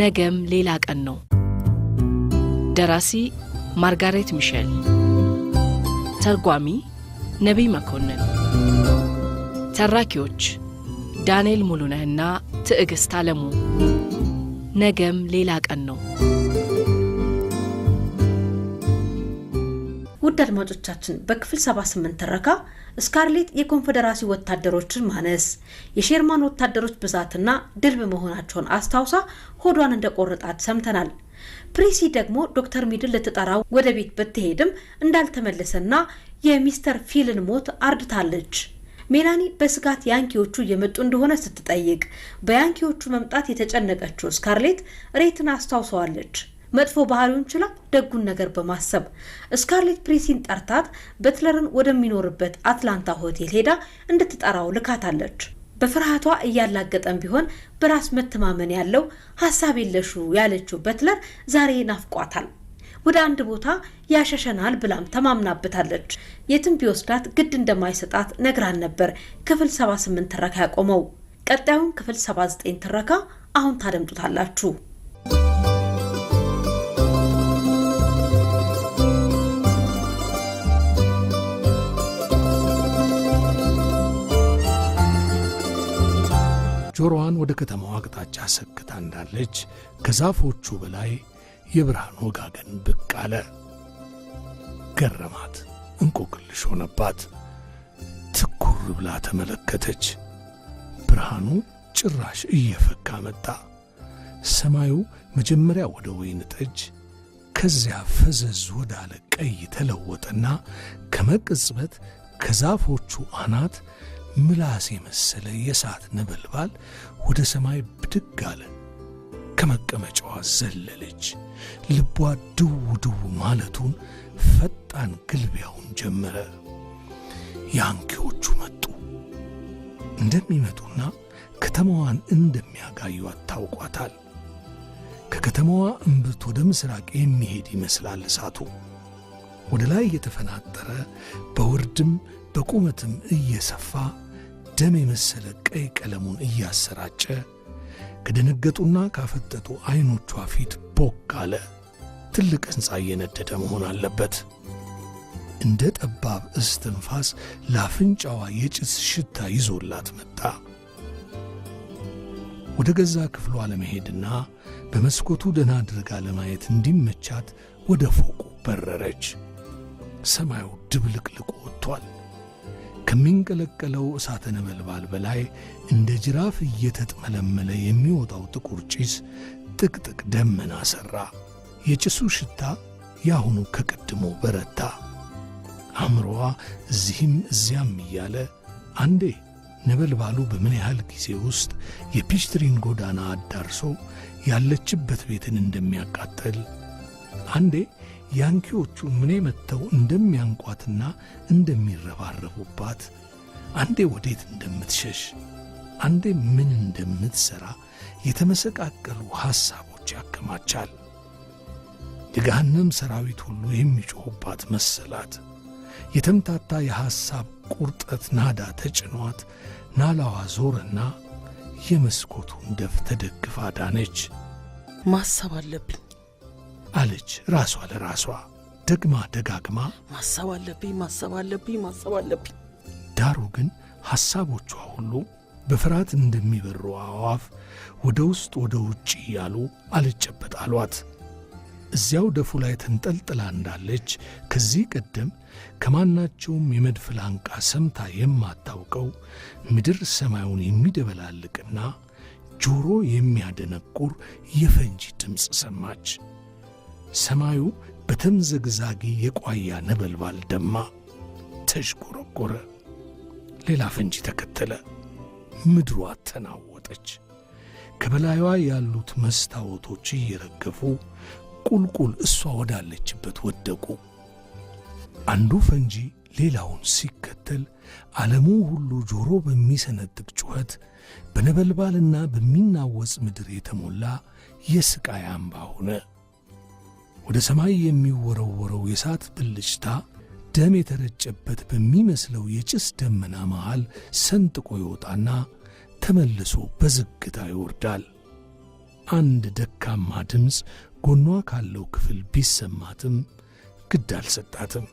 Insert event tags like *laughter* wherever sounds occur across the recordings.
ነገም ሌላ ቀን ነው። ደራሲ ማርጋሬት ሚሸል ተርጓሚ ነቢይ መኮንን፣ ተራኪዎች ዳንኤል ሙሉነህና ትዕግሥት አለሙ። ነገም ሌላ ቀን ነው። ውድ አድማጮቻችን በክፍል 78 ትረካ ስካርሌት የኮንፌዴራሲ ወታደሮችን ማነስ፣ የሼርማን ወታደሮች ብዛትና ድል መሆናቸውን አስታውሳ ሆዷን እንደቆረጣት ሰምተናል። ፕሪሲ ደግሞ ዶክተር ሚድን ልትጠራው ወደ ቤት ብትሄድም እንዳልተመለሰና የሚስተር ፊልን ሞት አርድታለች። ሜላኒ በስጋት ያንኪዎቹ እየመጡ እንደሆነ ስትጠይቅ በያንኪዎቹ መምጣት የተጨነቀችው ስካርሌት ሬትን አስታውሰዋለች። መጥፎ ባህሪውን ችላ ደጉን ነገር በማሰብ ስካርሌት ፕሪሲን ጠርታት በትለርን ወደሚኖርበት አትላንታ ሆቴል ሄዳ እንድትጠራው ልካታለች። በፍርሃቷ እያላገጠም ቢሆን በራስ መተማመን ያለው ሀሳብ የለሹ ያለችው በትለር ዛሬ ናፍቋታል። ወደ አንድ ቦታ ያሸሸናል ብላም ተማምናበታለች። የትም ቢወስዳት ግድ እንደማይሰጣት ነግራን ነበር። ክፍል 78 ትረካ ያቆመው ቀጣዩን ክፍል 79 ትረካ አሁን ታደምጡታላችሁ። ጆሮዋን ወደ ከተማዋ አቅጣጫ ሰክታ እንዳለች ከዛፎቹ በላይ የብርሃን ወጋገን ብቅ አለ። ገረማት፣ እንቆቅልሽ ሆነባት። ትኩር ብላ ተመለከተች። ብርሃኑ ጭራሽ እየፈካ መጣ። ሰማዩ መጀመሪያ ወደ ወይን ጠጅ ከዚያ ፈዘዝ ወዳለ ቀይ ተለወጠና ከመቅጽበት ከዛፎቹ አናት ምላስ የመሰለ የእሳት ነበልባል ወደ ሰማይ ብድግ አለ። ከመቀመጫዋ ዘለለች። ልቧ ድው ድው ማለቱን ፈጣን ግልቢያውን ጀመረ። ያንኪዎቹ መጡ። እንደሚመጡና ከተማዋን እንደሚያጋዩት ታውቋታል። ከከተማዋ እምብርት ወደ ምስራቅ የሚሄድ ይመስላል እሳቱ ወደ ላይ እየተፈናጠረ በውርድም በቁመትም እየሰፋ ደም የመሰለ ቀይ ቀለሙን እያሰራጨ ከደነገጡና ካፈጠጡ ዐይኖቿ ፊት ቦግ አለ። ትልቅ ሕንፃ እየነደደ መሆን አለበት። እንደ ጠባብ እስትንፋስ ለአፍንጫዋ የጭስ ሽታ ይዞላት መጣ። ወደ ገዛ ክፍሏ ለመሄድና በመስኮቱ ደና አድርጋ ለማየት እንዲመቻት ወደ ፎቁ በረረች። ሰማዩ ድብልቅልቁ ወጥቷል። ከሚንቀለቀለው እሳተ ነበልባል በላይ እንደ ጅራፍ እየተጥመለመለ የሚወጣው ጥቁር ጭስ ጥቅጥቅ ደመና ሠራ። የጭሱ ሽታ ያሁኑ ከቀድሞ በረታ። አእምሮዋ እዚህም እዚያም እያለ አንዴ ነበልባሉ በምን ያህል ጊዜ ውስጥ የፒችትሪን ጎዳና አዳርሶ ያለችበት ቤትን እንደሚያቃጥል አንዴ ያንኪዎቹ ምኔ መጥተው እንደሚያንቋትና እንደሚረባረቡባት፣ አንዴ ወዴት እንደምትሸሽ፣ አንዴ ምን እንደምትሠራ የተመሰቃቀሉ ሐሳቦች ያከማቻል። የገሃነም ሰራዊት ሁሉ የሚጮኹባት መሰላት። የተምታታ የሐሳብ ቁርጠት ናዳ ተጭኗት ናላዋ ዞረና የመስኮቱን ደፍ ተደግፋ ዳነች። ማሰብ አለብኝ አለች ራሷ ለራሷ ደግማ ደጋግማ። ማሰብ አለብኝ ማሰብ አለብኝ ማሰብ አለብኝ። ዳሩ ግን ሐሳቦቿ ሁሉ በፍርሃት እንደሚበሩ አዋፍ ወደ ውስጥ ወደ ውጭ እያሉ አልጨበጥ አሏት። እዚያው ደፉ ላይ ተንጠልጥላ እንዳለች ከዚህ ቀደም ከማናቸውም የመድፍ ላንቃ ሰምታ የማታውቀው ምድር ሰማዩን የሚደበላልቅና ጆሮ የሚያደነቁር የፈንጂ ድምፅ ሰማች። ሰማዩ በተምዘግዛጊ የቋያ ነበልባል ደማ፣ ተዥጎረጎረ። ሌላ ፈንጂ ተከተለ። ምድሯ ተናወጠች። ከበላይዋ ያሉት መስታወቶች እየረገፉ ቁልቁል እሷ ወዳለችበት ወደቁ። አንዱ ፈንጂ ሌላውን ሲከተል ዓለሙ ሁሉ ጆሮ በሚሰነጥቅ ጩኸት በነበልባልና በሚናወጽ ምድር የተሞላ የሥቃይ አምባ ሆነ። ወደ ሰማይ የሚወረወረው የእሳት ብልጭታ ደም የተረጨበት በሚመስለው የጭስ ደመና መሃል ሰንጥቆ ይወጣና ተመልሶ በዝግታ ይወርዳል። አንድ ደካማ ድምፅ ጎኗ ካለው ክፍል ቢሰማትም ግድ አልሰጣትም።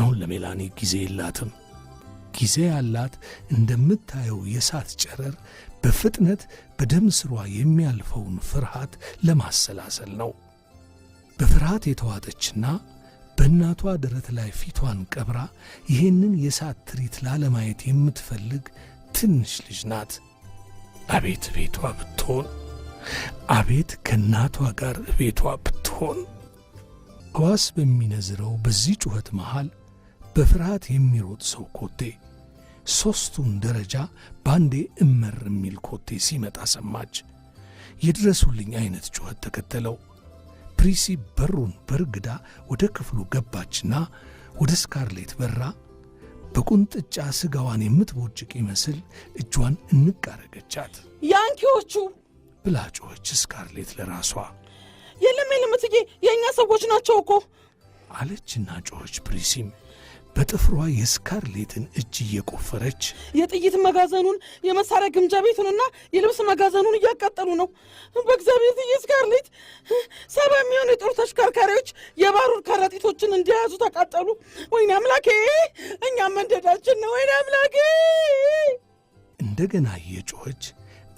አሁን ለሜላኒ ጊዜ የላትም። ጊዜ ያላት እንደምታየው የእሳት ጨረር በፍጥነት በደም ስሯ የሚያልፈውን ፍርሃት ለማሰላሰል ነው። በፍርሃት በእናቷ ደረት ላይ ፊቷን ቀብራ ይህንን የእሳት ትርኢት ላለማየት የምትፈልግ ትንሽ ልጅ ናት። አቤት ቤቷ ብትሆን፣ አቤት ከእናቷ ጋር ቤቷ ብትሆን። ሕዋስ በሚነዝረው በዚህ ጩኸት መሃል በፍርሃት የሚሮጥ ሰው ኮቴ ሦስቱን ደረጃ ባንዴ እመር የሚል ኮቴ ሲመጣ ሰማች። የድረሱልኝ አይነት ጩኸት ተከተለው። ፕሪሲ በሩን በርግዳ ወደ ክፍሉ ገባችና ወደ ስካርሌት በራ በቁንጥጫ ስጋዋን የምትቦጭቅ ይመስል እጇን እንቃረገቻት። ያንኪዎቹ ብላ ጮኸች ስካርሌት ለራሷ። የለም የለም እትዬ፣ የእኛ ሰዎች ናቸው እኮ አለችና ጮኸች። ፕሪሲም በጥፍሯ የስካርሌትን እጅ እየቆፈረች የጥይት መጋዘኑን የመሳሪያ ግምጃ ቤቱንና የልብስ መጋዘኑን እያቃጠሉ ነው። በእግዚአብሔር ትዬ ስካርሌት ቤታችን እንዲያዙ ተቃጠሉ። ወይኔ አምላኬ፣ እኛም መንደዳችን ነው። ወይኔ አምላኬ! እንደገና እየጮኸች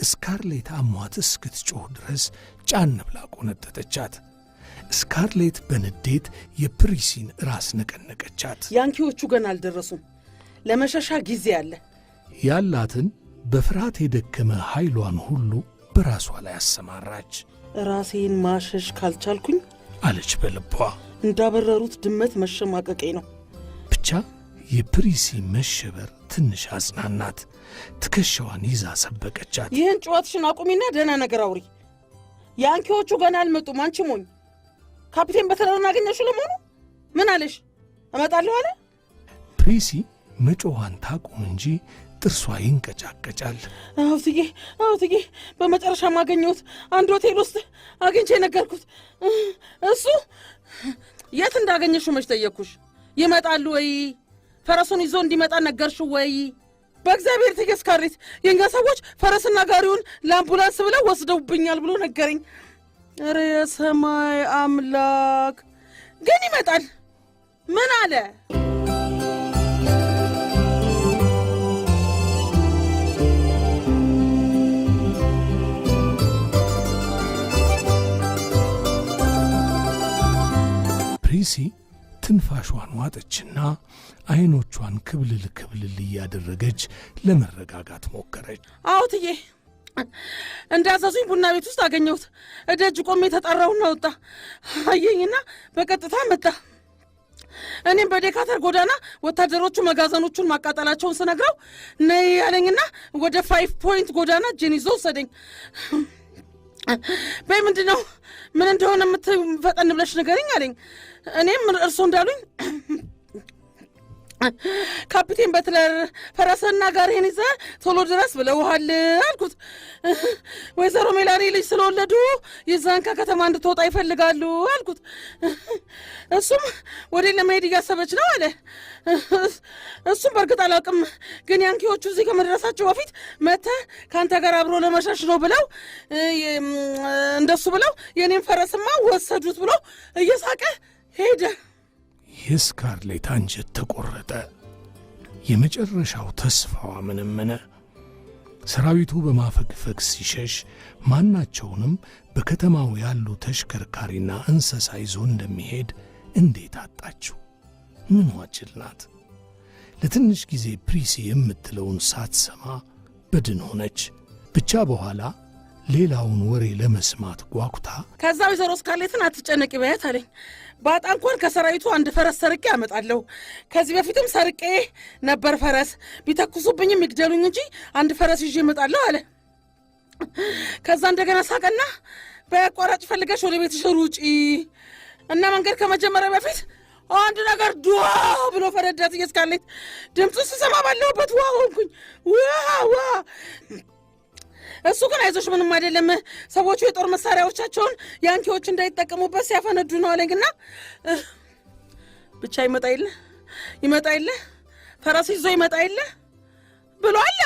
እስካርሌት አሟት እስክትጮህ ድረስ ጫን ብላ ቆነጠጠቻት። ስካርሌት በንዴት የፕሪሲን ራስ ነቀነቀቻት። ያንኪዎቹ ገና አልደረሱም፣ ለመሸሻ ጊዜ አለ። ያላትን በፍርሃት የደከመ ኃይሏን ሁሉ በራሷ ላይ አሰማራች። ራሴን ማሸሽ ካልቻልኩኝ አለች በልቧ። እንዳበረሩት ድመት መሸማቀቄ ነው። ብቻ የፕሪሲ መሸበር ትንሽ አጽናናት። ትከሻዋን ይዛ ሰበቀቻት። ይህን ጨዋትሽን አቁሚና ደህና ነገር አውሪ። የአንኪዎቹ ገና አልመጡም። አንቺ ሞኝ! ካፒቴን በተለሩን አገኘሽው? ለመሆኑ ምን አለሽ? እመጣለሁ አለ። ፕሪሲ መጮዋን ታቁም እንጂ ጥርሷ ይንቀጫቀጫል። አውትዬ አውትዬ፣ በመጨረሻም አገኘሁት። አንድ ሆቴል ውስጥ አግኝቼ ነገርኩት። እሱ የት እንዳገኘሽው መች ጠየቅኩሽ? ይመጣሉ ወይ? ፈረሱን ይዞ እንዲመጣ ነገርሽው ወይ? በእግዚአብሔር ትዕግስት ካሪት የእኛ ሰዎች ፈረስና ጋሪውን ለአምቡላንስ ብለው ወስደውብኛል ብሎ ነገረኝ። እረ የሰማይ አምላክ! ግን ይመጣል ምን አለ? ፕሪሲ ትንፋሿን ዋጠችና አይኖቿን ክብልል ክብልል እያደረገች ለመረጋጋት ሞከረች። አዎትዬ እንዳዘዙኝ ቡና ቤት ውስጥ አገኘሁት። እደጅ ቆሜ የተጠራውና ወጣ አየኝና በቀጥታ መጣ። እኔም በዴካተር ጎዳና ወታደሮቹ መጋዘኖቹን ማቃጠላቸውን ስነግረው ነይ ያለኝና ወደ ፋይቭ ፖይንት ጎዳና እጄን ይዞ ወሰደኝ። በይ ምንድን ነው ምን እንደሆነ የምትፈጠን ብለሽ ንገሪኝ አለኝ። እኔም እርሱ እንዳሉኝ ካፒቴን በትለር ፈረስህና ጋሪህን ይዘ ቶሎ ድረስ ብለውሃል አልኩት። ወይዘሮ ሜላኒ ልጅ ስለወለዱ ይዛን ከከተማ እንድትወጣ ይፈልጋሉ አልኩት። እሱም ወዴት ለመሄድ እያሰበች ነው አለ። እሱም በእርግጥ አላውቅም፣ ግን ያንኪዎቹ እዚህ ከመድረሳቸው በፊት መተ ከአንተ ጋር አብሮ ለመሸሽ ነው ብለው እንደሱ ብለው የእኔም ፈረስማ ወሰዱት ብሎ እየሳቀ ሄደ። የስካርሌት አንጀት ተቆረጠ። የመጨረሻው ተስፋዋ ምንምነ። ሰራዊቱ በማፈግፈግ ሲሸሽ ማናቸውንም በከተማው ያሉ ተሽከርካሪና እንስሳ ይዞ እንደሚሄድ እንዴት አጣችው? ምን ዋጭል ናት። ለትንሽ ጊዜ ፕሪሲ የምትለውን ሳትሰማ በድን ሆነች። ብቻ በኋላ ሌላውን ወሬ ለመስማት ጓጉታ ከዛው ወይዘሮ ስካርሌትን አትጨነቂ በያት አለኝ። ባጣ እንኳን ከሰራዊቱ አንድ ፈረስ ሰርቄ አመጣለሁ። ከዚህ በፊትም ሰርቄ ነበር ፈረስ። ቢተኩሱብኝም ይግደሉኝ እንጂ አንድ ፈረስ ይዤ እመጣለሁ አለ። ከዛ እንደገና ሳቀና በአቋራጭ ፈልገሽ ወደ ቤትሽ ሩጪ እና መንገድ ከመጀመሪያ በፊት አንድ ነገር ድዋ ብሎ ፈረዳት። እስካርሌት ድምፁ ስሰማ ባለሁበት ዋ ሆንኩኝ። ዋ ዋ እሱ ግን አይዞሽ ምንም አይደለም፣ ሰዎቹ የጦር መሳሪያዎቻቸውን ያንኪዎች እንዳይጠቀሙበት ሲያፈነዱ ነው ግና ብቻ ይመጣ የለ ይመጣ የለ ፈረስ ይዞ ይመጣ የለ ብሎ አለ።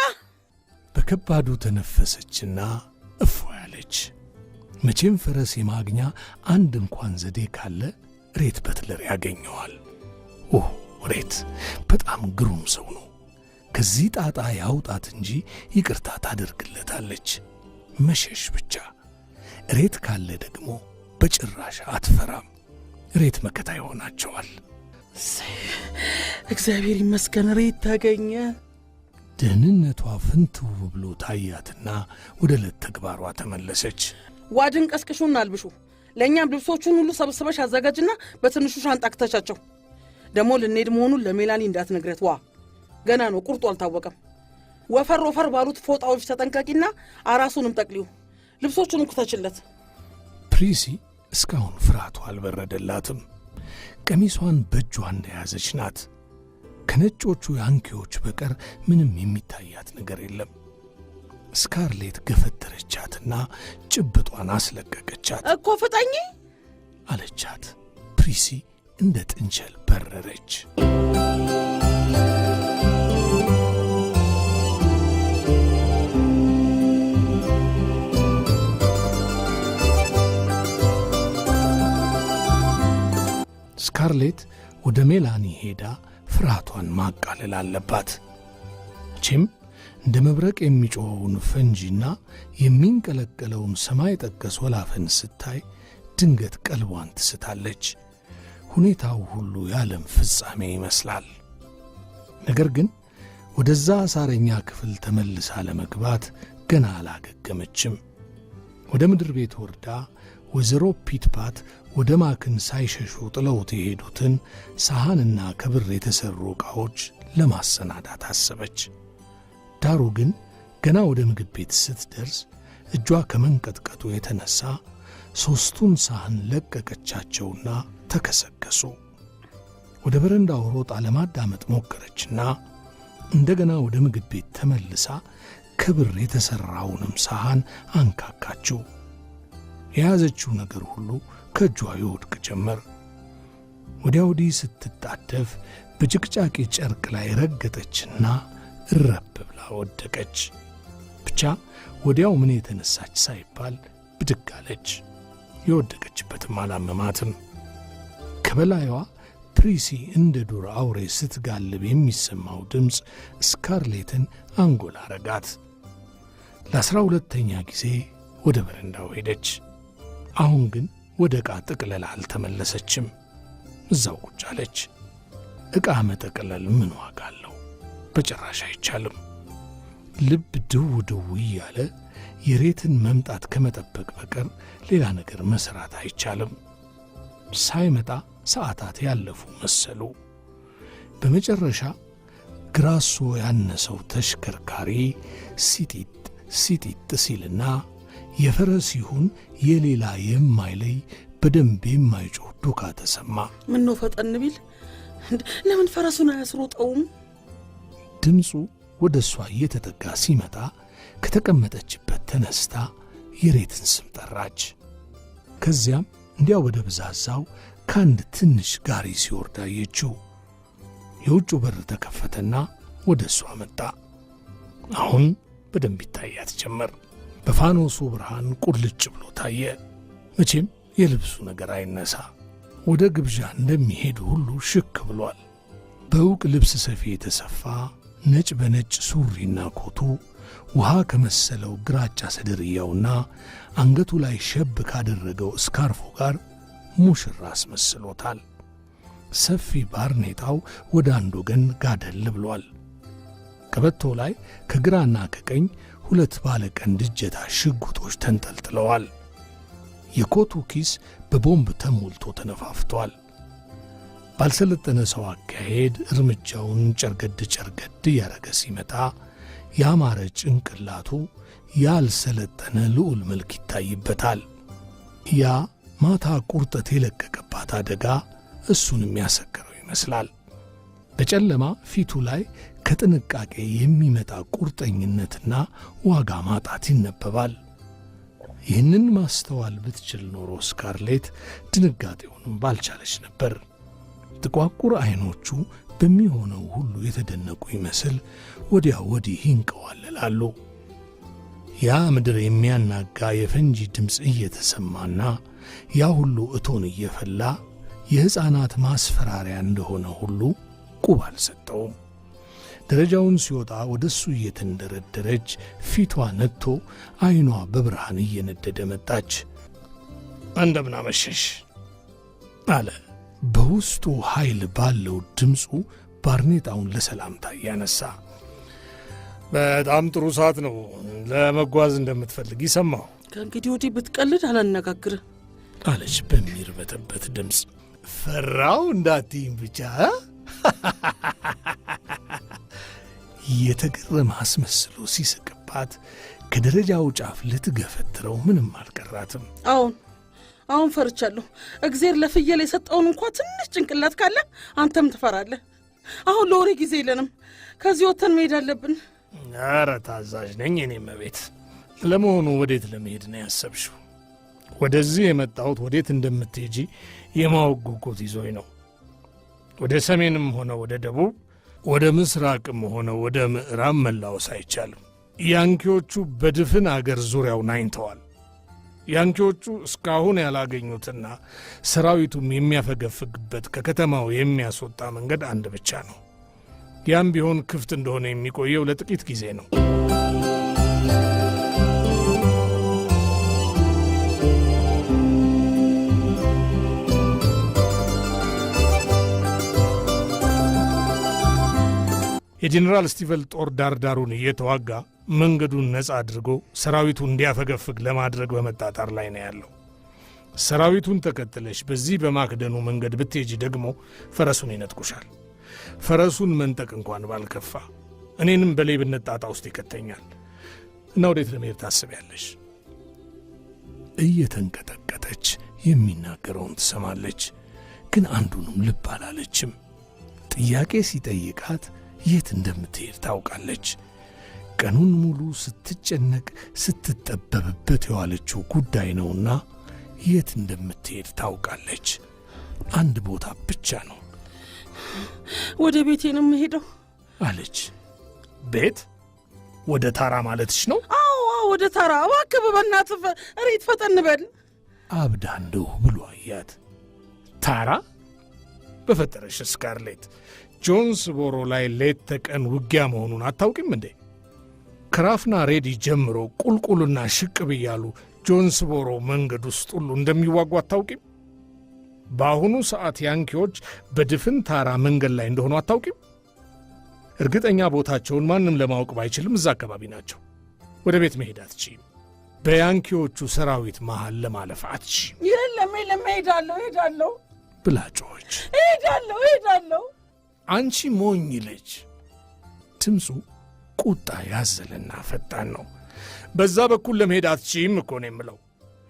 በከባዱ ተነፈሰችና እፎ ያለች። መቼም ፈረስ የማግኛ አንድ እንኳን ዘዴ ካለ ሬት በትለር ያገኘዋል። ሬት በጣም ግሩም ሰው ነው። ከዚህ ጣጣ ያውጣት እንጂ ይቅርታ ታደርግለታለች። መሸሽ ብቻ። እሬት ካለ ደግሞ በጭራሽ አትፈራም። እሬት መከታ ይሆናቸዋል። እግዚአብሔር ይመስገን እሬት ታገኘ። ደህንነቷ ፍንትው ብሎ ታያትና ወደ ዕለት ተግባሯ ተመለሰች። ዋድን ቀስቅሹና አልብሹ። ለእኛም ልብሶቹን ሁሉ ሰብስበሽ አዘጋጅና በትንሹ ሻንጣ ክተቻቸው። ደግሞ ልንሄድ መሆኑን ለሜላኒ እንዳትነግረት ዋ ገና ነው፣ ቁርጡ አልታወቀም። ወፈር ወፈር ባሉት ፎጣዎች ተጠንቀቂና አራሱንም ጠቅሊው፣ ልብሶቹንም ክተችለት። ፕሪሲ እስካሁን ፍርሃቱ አልበረደላትም። ቀሚሷን በእጇ እንደያዘች ናት። ከነጮቹ ያንኪዎች በቀር ምንም የሚታያት ነገር የለም። ስካርሌት ገፈተረቻትና ጭብጧን አስለቀቀቻት። እኮ ፍጠኝ አለቻት። ፕሪሲ እንደ ጥንቸል በረረች። ስካርሌት ወደ ሜላኒ ሄዳ ፍርሃቷን ማቃለል አለባት። መቼም እንደ መብረቅ የሚጮኸውን ፈንጂና የሚንቀለቀለውን ሰማይ ጠቀስ ወላፈን ስታይ ድንገት ቀልቧን ትስታለች። ሁኔታው ሁሉ የዓለም ፍጻሜ ይመስላል። ነገር ግን ወደዛ ሳረኛ ክፍል ተመልሳ ለመግባት ገና አላገገመችም። ወደ ምድር ቤት ወርዳ ወይዘሮ ፒትፓት ወደ ማክን ሳይሸሹ ጥለውት የሄዱትን ሰሐንና ከብር የተሠሩ ዕቃዎች ለማሰናዳት አሰበች። ዳሩ ግን ገና ወደ ምግብ ቤት ስትደርስ እጇ ከመንቀጥቀጡ የተነሣ ሦስቱን ሳህን ለቀቀቻቸውና ተከሰከሱ። ወደ በረንዳው ሮጣ ለማዳመጥ ሞከረችና እንደገና ወደ ምግብ ቤት ተመልሳ ከብር የተሠራውንም ሳህን አንካካችው። የያዘችው ነገር ሁሉ ከእጇ ይወድቅ ጀመር። ወዲያ ወዲህ ስትጣደፍ በጭቅጫቂ ጨርቅ ላይ ረገጠችና እረብ ብላ ወደቀች። ብቻ ወዲያው ምን የተነሳች ሳይባል ብድግ አለች። የወደቀችበትም አላመማትም። ከበላይዋ ፕሪሲ እንደ ዱር አውሬ ስትጋልብ የሚሰማው ድምፅ ስካርሌትን አንጎል አረጋት። ለአስራ ሁለተኛ ጊዜ ወደ በረንዳው ሄደች። አሁን ግን ወደ ዕቃ ጥቅለል አልተመለሰችም። እዛው ቁጭ አለች። ዕቃ መጠቅለል ምን ዋጋ አለው? በጭራሽ አይቻልም። ልብ ድው ድው እያለ የሬትን መምጣት ከመጠበቅ በቀር ሌላ ነገር መስራት አይቻልም። ሳይመጣ ሰዓታት ያለፉ መሰሉ። በመጨረሻ ግራሶ ያነሰው ተሽከርካሪ ሲጢጥ ሲጢጥ ሲልና የፈረስ ይሁን የሌላ የማይለይ በደንብ የማይጮህ ዱካ ተሰማ። ነው ፈጠን ቢል ለምን ፈረሱን አያስሮጠውም? ድምፁ ወደ እሷ እየተጠጋ ሲመጣ ከተቀመጠችበት ተነስታ የሬትን ስም ጠራች። ከዚያም እንዲያ ወደ ብዛዛው ከአንድ ትንሽ ጋሪ ሲወርድ አየችው። የውጩ በር ተከፈተና ወደ እሷ መጣ። አሁን በደንብ ይታያት ጀመር። በፋኖሱ ብርሃን ቁልጭ ብሎ ታየ። መቼም የልብሱ ነገር አይነሳ፣ ወደ ግብዣ እንደሚሄድ ሁሉ ሽክ ብሏል። በእውቅ ልብስ ሰፊ የተሰፋ ነጭ በነጭ ሱሪና ኮቱ ውሃ ከመሰለው ግራጫ ሰደርያውና አንገቱ ላይ ሸብ ካደረገው እስካርፎ ጋር ሙሽራ አስመስሎታል። ሰፊ ባርኔጣው ወደ አንድ ወገን ጋደል ብሏል። ቀበቶ ላይ ከግራና ከቀኝ ሁለት ባለቀንድ እጀታ ሽጉጦች ተንጠልጥለዋል። የኮቱ ኪስ በቦምብ ተሞልቶ ተነፋፍቷል። ባልሰለጠነ ሰው አካሄድ እርምጃውን ጨርገድ ጨርገድ እያረገ ሲመጣ ያማረ ጭንቅላቱ ያልሰለጠነ ልዑል መልክ ይታይበታል። ያ ማታ ቁርጠት የለቀቀባት አደጋ እሱን የሚያሰክረው ይመስላል። በጨለማ ፊቱ ላይ ከጥንቃቄ የሚመጣ ቁርጠኝነትና ዋጋ ማጣት ይነበባል። ይህንን ማስተዋል ብትችል ኖሮ ስካርሌት ድንጋጤውንም ባልቻለች ነበር። ጥቋቁር ዐይኖቹ በሚሆነው ሁሉ የተደነቁ ይመስል ወዲያ ወዲህ ይንቀዋለላሉ። ያ ምድር የሚያናጋ የፈንጂ ድምፅ እየተሰማና ያ ሁሉ እቶን እየፈላ የሕፃናት ማስፈራሪያ እንደሆነ ሁሉ ቁብ አልሰጠውም። ደረጃውን ሲወጣ ወደ እሱ እየተንደረደረች ፊቷ ነጥቶ ዐይኗ በብርሃን እየነደደ መጣች። እንደምን አለ። በውስጡ ኃይል ባለው ድምፁ ባርኔጣውን ለሰላምታ እያነሳ በጣም ጥሩ ሰዓት ነው ለመጓዝ እንደምትፈልግ ይሰማው ከእንግዲህ ወዲህ ብትቀልድ አላነጋግር አለች በሚርበተበት ድምፅ። ፈራው እንዳትይም ብቻ *laughs* የተገረመ አስመስሎ ሲስቅባት ከደረጃው ጫፍ ልትገፈትረው ምንም አልቀራትም። አሁን አሁን ፈርቻለሁ። እግዜር ለፍየል የሰጠውን እንኳ ትንሽ ጭንቅላት ካለ አንተም ትፈራለህ። አሁን ለወሬ ጊዜ የለንም። ከዚህ ወተን መሄድ አለብን። አረ ታዛዥ ነኝ እኔ መቤት። ለመሆኑ ወዴት ለመሄድ ነው ያሰብሽው? ወደዚህ የመጣሁት ወዴት እንደምትሄጂ የማወቅ ጉጉት ይዞኝ ነው። ወደ ሰሜንም ሆነ ወደ ደቡብ ወደ ምስራቅም ሆነ ወደ ምዕራብ መላወስ አይቻልም። ያንኪዎቹ በድፍን አገር ዙሪያው ናኝተዋል። ያንኪዎቹ እስካሁን ያላገኙትና ሰራዊቱም የሚያፈገፍግበት ከከተማው የሚያስወጣ መንገድ አንድ ብቻ ነው። ያም ቢሆን ክፍት እንደሆነ የሚቆየው ለጥቂት ጊዜ ነው። የጄኔራል ስቲቨል ጦር ዳርዳሩን እየተዋጋ መንገዱን ነጻ አድርጎ ሰራዊቱ እንዲያፈገፍግ ለማድረግ በመጣጣር ላይ ነው ያለው። ሰራዊቱን ተከትለሽ በዚህ በማክደኑ መንገድ ብትሄጂ ደግሞ ፈረሱን ይነጥቁሻል። ፈረሱን መንጠቅ እንኳን ባልከፋ እኔንም በሌብነት ጣጣ ውስጥ ይከተኛል እና ወዴት ለመሄድ ታስቢያለሽ? እየተንቀጠቀጠች የሚናገረውን ትሰማለች፣ ግን አንዱንም ልብ አላለችም። ጥያቄ ሲጠይቃት የት እንደምትሄድ ታውቃለች። ቀኑን ሙሉ ስትጨነቅ ስትጠበብበት የዋለችው ጉዳይ ነውና የት እንደምትሄድ ታውቃለች። አንድ ቦታ ብቻ ነው። ወደ ቤቴ ነው የምሄደው አለች። ቤት? ወደ ታራ ማለትሽ ነው? አዎ፣ ወደ ታራ። እባክህ በእናትህ እሬት ፈጠን በል። አብዳ እንደሁ ብሎ አያት። ታራ? በፈጠረሽ ስካርሌት ጆንስቦሮ ላይ ሌት ተቀን ውጊያ መሆኑን አታውቂም እንዴ? ክራፍና ሬዲ ጀምሮ ቁልቁልና ሽቅብ እያሉ ጆንስቦሮ መንገድ ውስጥ ሁሉ እንደሚዋጉ አታውቂም? በአሁኑ ሰዓት ያንኪዎች በድፍን ታራ መንገድ ላይ እንደሆኑ አታውቂም? እርግጠኛ ቦታቸውን ማንም ለማወቅ ባይችልም እዛ አካባቢ ናቸው። ወደ ቤት መሄድ አትችም። በያንኪዎቹ ሰራዊት መሃል ለማለፍ አትችም። የለም የለም፣ እሄዳለሁ፣ እሄዳለሁ ብላ ጮኸች። እሄዳለሁ፣ እሄዳለሁ አንቺ ሞኝ ልጅ! ድምፁ ቁጣ ያዘለና ፈጣን ነው። በዛ በኩል ለመሄድ አትችይም እኮ ነው የምለው።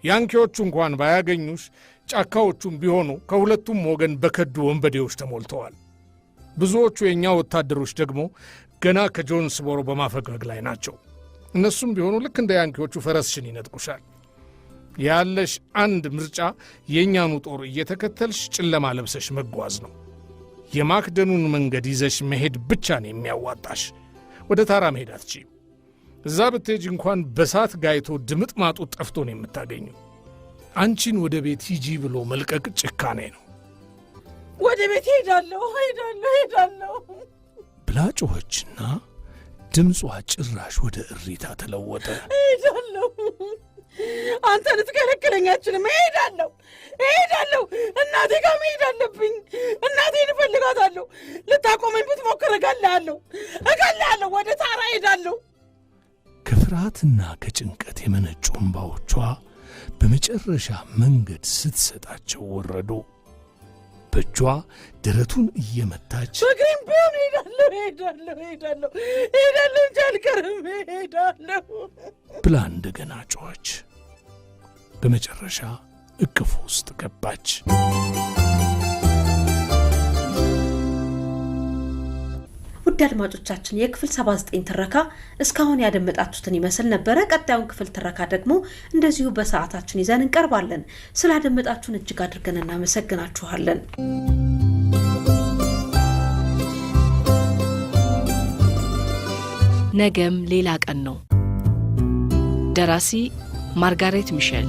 ያንኪዎቹ እንኳን ባያገኙሽ፣ ጫካዎቹም ቢሆኑ ከሁለቱም ወገን በከዱ ወንበዴዎች ተሞልተዋል። ብዙዎቹ የእኛ ወታደሮች ደግሞ ገና ከጆንስቦሮ በማፈግፈግ ላይ ናቸው። እነሱም ቢሆኑ ልክ እንደ ያንኪዎቹ ፈረስሽን ይነጥቁሻል። ያለሽ አንድ ምርጫ የእኛኑ ጦር እየተከተልሽ ጨለማ ለብሰሽ መጓዝ ነው። የማክደኑን መንገድ ይዘሽ መሄድ ብቻ ነው የሚያዋጣሽ። ወደ ታራ መሄድ አትችም። እዛ ብትጅ እንኳን በሳት ጋይቶ ድምጥ ማጡ ጠፍቶ ነው የምታገኙ። አንቺን ወደ ቤት ሂጂ ብሎ መልቀቅ ጭካኔ ነው። ወደ ቤት ሄዳለሁ፣ ሄዳለሁ፣ ሄዳለሁ ብላ ጮኸችና ድምጿ ጭራሽ ወደ እሪታ ተለወጠ። ሄዳለሁ፣ አንተ ልትከለክለኛችንም ሄዳለሁ እሄዳለሁ። እናቴ ጋር መሄድ አለብኝ። እናቴን እፈልጋታለሁ። ልታቆመኝ ብትሞክር እገልሃለሁ፣ እገልሃለሁ። ወደ ታራ እሄዳለሁ። ከፍርሃትና ከጭንቀት የመነጩ እምባዎቿ በመጨረሻ መንገድ ስትሰጣቸው ወረዱ። በእጇ ደረቱን እየመታች በእግሬም ቢሆን ሄዳለሁ ሄዳለሁ ሄዳለሁ ሄዳለሁ እንጂ አልቀርም ሄዳለሁ ብላ እንደገና ጮኸች። በመጨረሻ እቅፍ ውስጥ ገባች። ውድ አድማጮቻችን የክፍል 79 ትረካ እስካሁን ያደመጣችሁትን ይመስል ነበረ። ቀጣዩን ክፍል ትረካ ደግሞ እንደዚሁ በሰዓታችን ይዘን እንቀርባለን። ስላደመጣችሁን እጅግ አድርገን እናመሰግናችኋለን። ነገም ሌላ ቀን ነው። ደራሲ ማርጋሬት ሚሸል